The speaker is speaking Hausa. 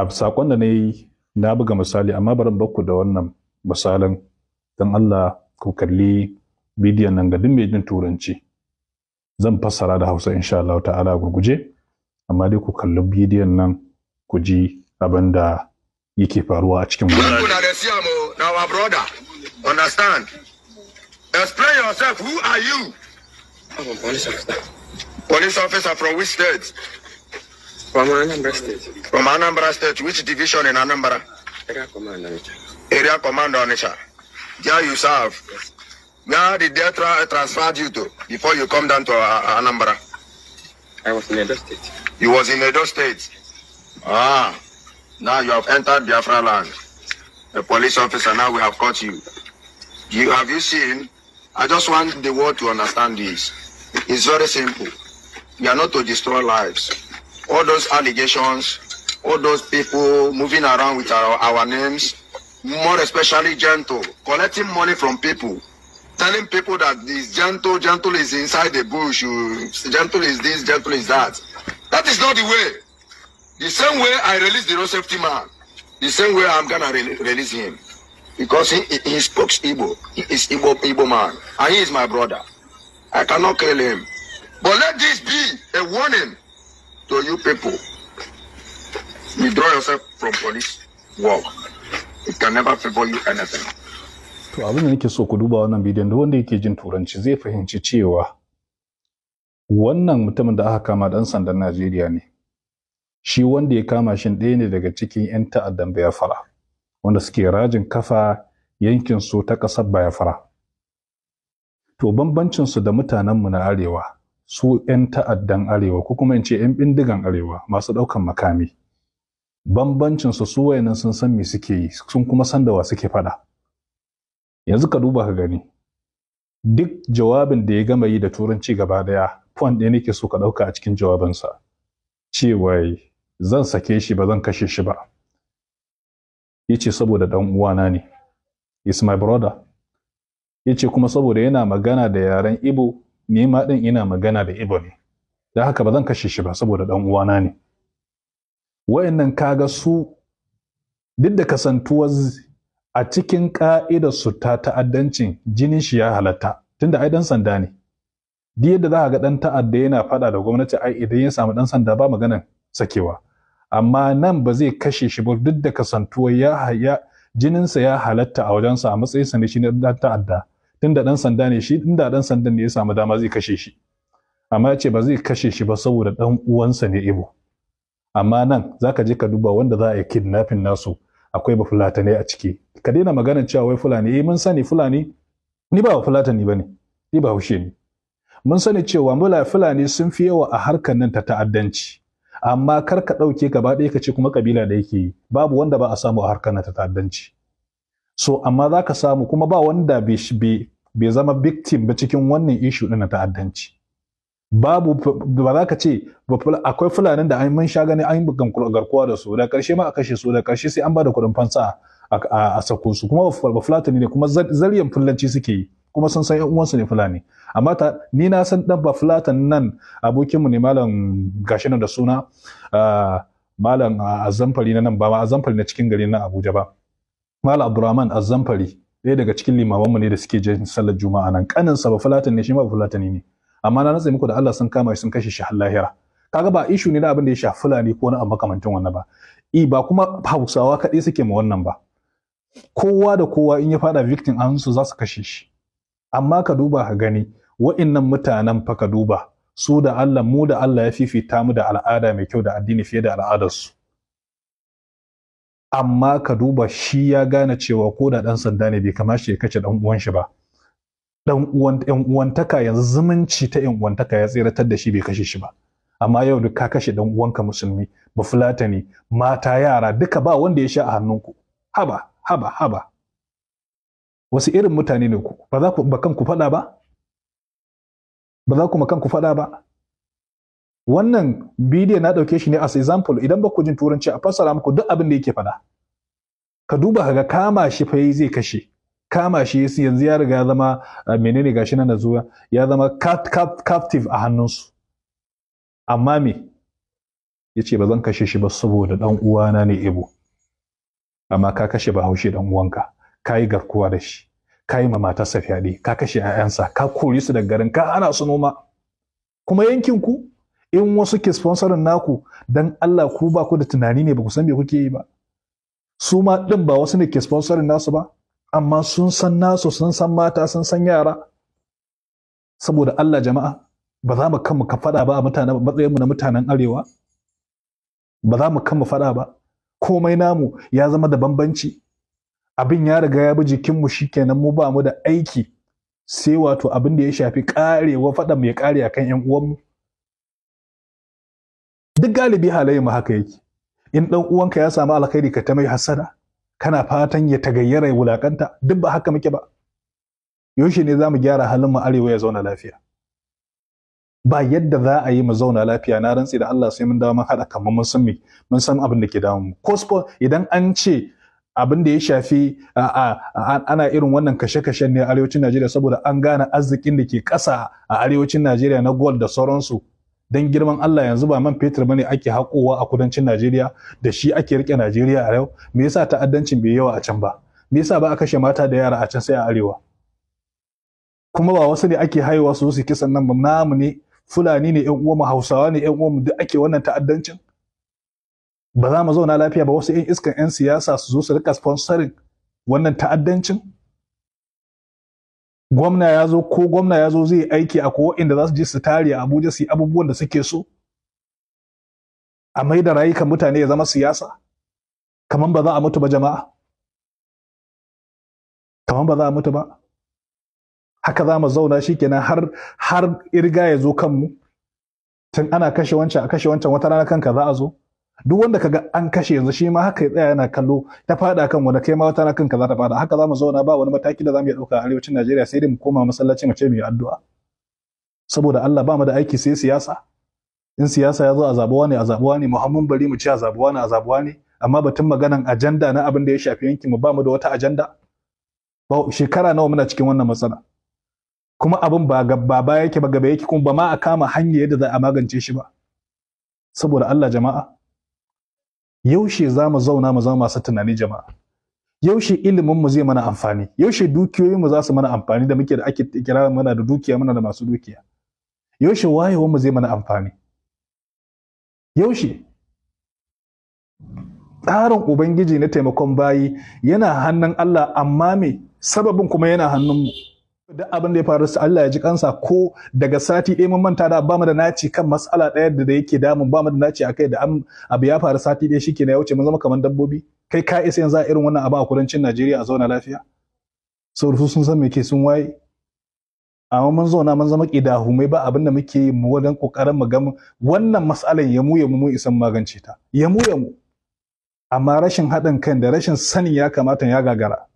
a sakon da na yi na buga misali amma bari in bakku da wannan misalin don Allah ku kalli bidiyon nan ga mai jin turanci zan fassara da Hausa insha Allah ta'ala gurguje amma dai ku kalli bidiyon nan ku ji abin da yake faruwa a cikin wannan kuna da siya mu na wa brother understand explain yourself who are you police officer police officer from which state From Anambra State. From Anambra State, which division in Anambra? Area Commander, Area Commander Onitsha. There you serve. Yes. Where did they tra transfer you to before you come down to uh, Anambra? I was in Edo State. You was in Edo State? Ah, now you have entered Biafra land. The police officer, now we have caught you. You Have you seen? I just want the world to understand this. It's very simple. We are not to destroy lives. all those allegations all those people moving around with our, our names more especially gentle collecting money from people telling people that this gentle gentle is inside the bush gentle is this gentle is that that is not the way the same way i release the no safety man the same way i'm gonna re release him because he, he, he speaks Igbo. He is Igbo, Igbo man. And he is my brother. I cannot kill him. But let this be a warning to you people, withdraw yourself from police work. It can never favor you anything. To abin da nake so ku duba wannan bidiyon da wanda yake jin turanci zai fahimci cewa wannan mutumin da aka kama dan sandan Najeriya ne. Shi wanda ya kama shin ɗaya ne daga cikin 'yan ta'addan Bayafara wanda suke rajin kafa yankin su ta ƙasar Bayafara. To bambancinsu da mutanenmu na Arewa su 'yan ta'addan arewa ko kuma in ce 'yan bindigan arewa masu ɗaukan makami Bambancinsu su wayannan sun san me suke yi sun kuma san da wa suke faɗa yanzu ka duba ka gani duk jawabin da ya gama yi da turanci gaba daya point ɗaya nake so ka ɗauka a cikin jawabinsa cewa zan sake shi ba zan kashe shi ba ya ce saboda ɗan uwana ne is my brother ya ce kuma saboda yana magana da yaren ibo ni ma ɗin ina magana da Ibo ne, da haka ba zan kashe shi ba saboda ɗan uwana ne. Wa'yannan kaga su duk da kasantuwar a cikin ƙa'idar su ta ta'addancin jinin shi ya halatta, tunda ai ɗan sanda ne. Duk yadda za a ga ɗan ta'adda yana faɗa da gwamnati ai idan ya samu dan sanda ba maganan sakewa. Amma nan ba zai kashe shi ba duk da kasantuwar ya jininsa ya halatta a wajensa a matsayinsa ne shi ɗan ta'adda. tunda dan sanda ne shi da ɗan sandan ne ya samu dama zai kashe shi amma ya ce ba zai kashe shi ba saboda dan uwansa ne ibo amma nan zaka je ka duba wanda za a yi kidnapping nasu akwai ba ne a ciki ka daina maganar cewa wai fulani eh mun sani fulani ni ba fulatani bane ni ba haushe ne mun sani cewa mula fulani sun fi yawa a harkar nan ta ta'addanci amma kar ka ɗauke gaba ɗaya ka ce kuma kabila da yake yi babu wanda ba a samu a harkar nan ta ta'addanci so amma za ka samu kuma ba wanda bai zama victim ba cikin wannan ishu ɗin na ta'addanci babu ba za ka ce akwai fulanin da mun sha gani an garkuwa da su da karshe ma a kashe su da karshe sai an ba da kuɗin fansa a sako su kuma ba fulatani ne kuma zaryan fulanci suke yi kuma sun san uwansu ne fulani amma ta ni na san dan ba fulatan nan abokinmu ne malam gashi da suna ah, malam azamfari na nan ba ma azamfari na cikin gari na Abuja ba Mala abdurrahman azzamfari ɗaya daga cikin limamanmu ne da suke jin sallar juma'a nan kanin sa ba fulatan ne shi ma fulatan ne amma na natsa muku da Allah sun kama shi sun kashe shi har lahira kaga ba ishu ne na abin da ya shafi fulani ko na makamantan wannan ba i ba kuma hausawa kaɗai suke ma wannan ba kowa da kowa in ya fada victim an su za su kashe shi amma ka duba ka gani wa'innan mutanen fa ka duba su da Allah mu da Allah ya fifita mu da al'ada mai kyau da addini fiye da al'adarsu amma ka duba shi ya gane cewa ko da ɗan sanda ne bai kamashi ya kace ɗan uwan shi ba ɗan uwan ɗan uwantaka yanzu zumunci ta ɗan uwantaka ya tseratar da shi bai kashe shi ba amma yau duk ka kashe ɗan uwanka musulmi ba ne mata yara duka ba wanda ya sha a hannunku haba haba haba wasu irin mutane ne ku ba za ku ba kanku faɗa ba ba za ku kanku faɗa ba wannan bidiyon na ɗauke shi ne as example idan ba ku jin turanci a fassara muku duk abin da yake faɗa ka duba ga kama shi fa zai kashe kama shi yanzu ya riga ya zama menene gashi nan da zuwa ya zama captive a hannunsu amma me ya ce ba zan kashe shi ba saboda ɗan uwana ne ibo amma ka kashe bahaushe ɗan uwanka ka yi garkuwa da shi ka yi ma matarsa fyaɗe ka kashe 'ya'yansa ka kori su daga garin ka ana su noma kuma yankin ku in wasu ke sponsorin naku dan Allah ku ba ku da tunani ne ba ku san me kuke yi ba su ma din ba wasu ne ke sponsorin nasu ba amma sun san nasu sun san mata sun san yara saboda Allah jama'a ba za mu kan mu ka fada ba a mutanen matsayin mu na mutanen arewa ba za mu kan mu fada ba komai namu ya zama da bambanci abin ya riga ya bi jikin mu shikenan mu ba mu da aiki sai wato abin da ya shafi karewa faɗa mu ya kare akan yan uwanmu mu duk galibi halayen mu haka yake in dan uwanka ya samu alkhairi ka ta mai hasada kana fatan ya tagayyara ya wulakanta duk ba haka muke ba yaushe ne za mu gyara halin mu arewa ya zauna lafiya ba yadda za a yi mu zauna lafiya na rantsi da Allah sai mun dawo mun haɗa kamar mun san mun san abin da ke damu ko sport idan an ce abin da ya shafi ana irin wannan kashe kashe ne a arewacin Najeriya saboda an gane arzikin da ke ƙasa a arewacin Najeriya na gold da sauransu dan girman Allah yanzu ba man fetur bane ake haƙowa a kudancin Najeriya da shi ake rike Najeriya a yau me yasa ta'addancin bai yawa a can ba me yasa ba a kashe mata da yara a can sai a arewa kuma ba wasu ne ake haihuwa su su kisan nan ba namu ne fulani ne ƴan uwanmu Hausawa ne ƴan uwanmu duk ake wannan ta'addancin ba za mu zauna lafiya ba wasu ƴan iskan ƴan siyasa su zo su rika sponsoring wannan ta'addancin gwamna ya zo ko gwamna ya zo zai aiki a kowa inda za su je su tare a abuja su yi abubuwan da suke so a mai da rayukan mutane ya zama siyasa kamar ba za a mutu ba jama'a kamar ba za a mutu ba haka za mu zauna kenan har har irga ya zo kanmu tun ana kashe wancan a kashe wancan wata rana kanka za a zo duk wanda kaga an kashe yanzu shi ma haka ya tsaya yana kallo ta fada kan wani kai ma wata na kanka za ta fada haka zamu zauna ba wani mataki da zamu iya dauka a arewacin Najeriya sai dai mu koma masallaci mu ce mu yi addu'a saboda Allah ba mu da aiki sai siyasa in siyasa ya zo a zabuwa ne a zabuwa ne muhammun bari mu ce a zabuwa ne a zabuwa ne amma batun maganan ajanda na abin da ya shafi yankin mu ba mu da wata ajanda ba shekara nawa muna cikin wannan matsala kuma abin ba gaba ba yake ba gaba yake kuma ba ma a kama hanyar da za a magance shi ba saboda Allah jama'a yaushe za mu zauna mu zama masu tunani jama'a yaushe ilimin mu zai mana amfani yaushe dukiyoyin mu za su mana amfani da muke da ake kira mana da dukiya muna da masu dukiya yaushe wayewar mu zai mana amfani yaushe tsarin ubangiji na taimakon bayi yana hannun Allah amma me sababin kuma yana hannun mu duk abin da ya faru su Allah ya ji kansa ko daga sati ɗaya mun manta da bamu da naci kan mas'ala ɗaya da yake damun bamu da naci akai da abu ya faru sati ɗaya shikenan ya wuce mun zama kamar dabbobi kai ka isa yanzu a irin wannan abu a kudancin Najeriya a zauna lafiya sauransu sun san me ke sun waye amma mun zauna mun zama humai ba abin da muke yi mu wajen ƙoƙarin mu ga wannan mas'alan ya mu ya mu isan magance ta ya mu ya mu amma rashin haɗin kan da rashin sanin ya kamata ya gagara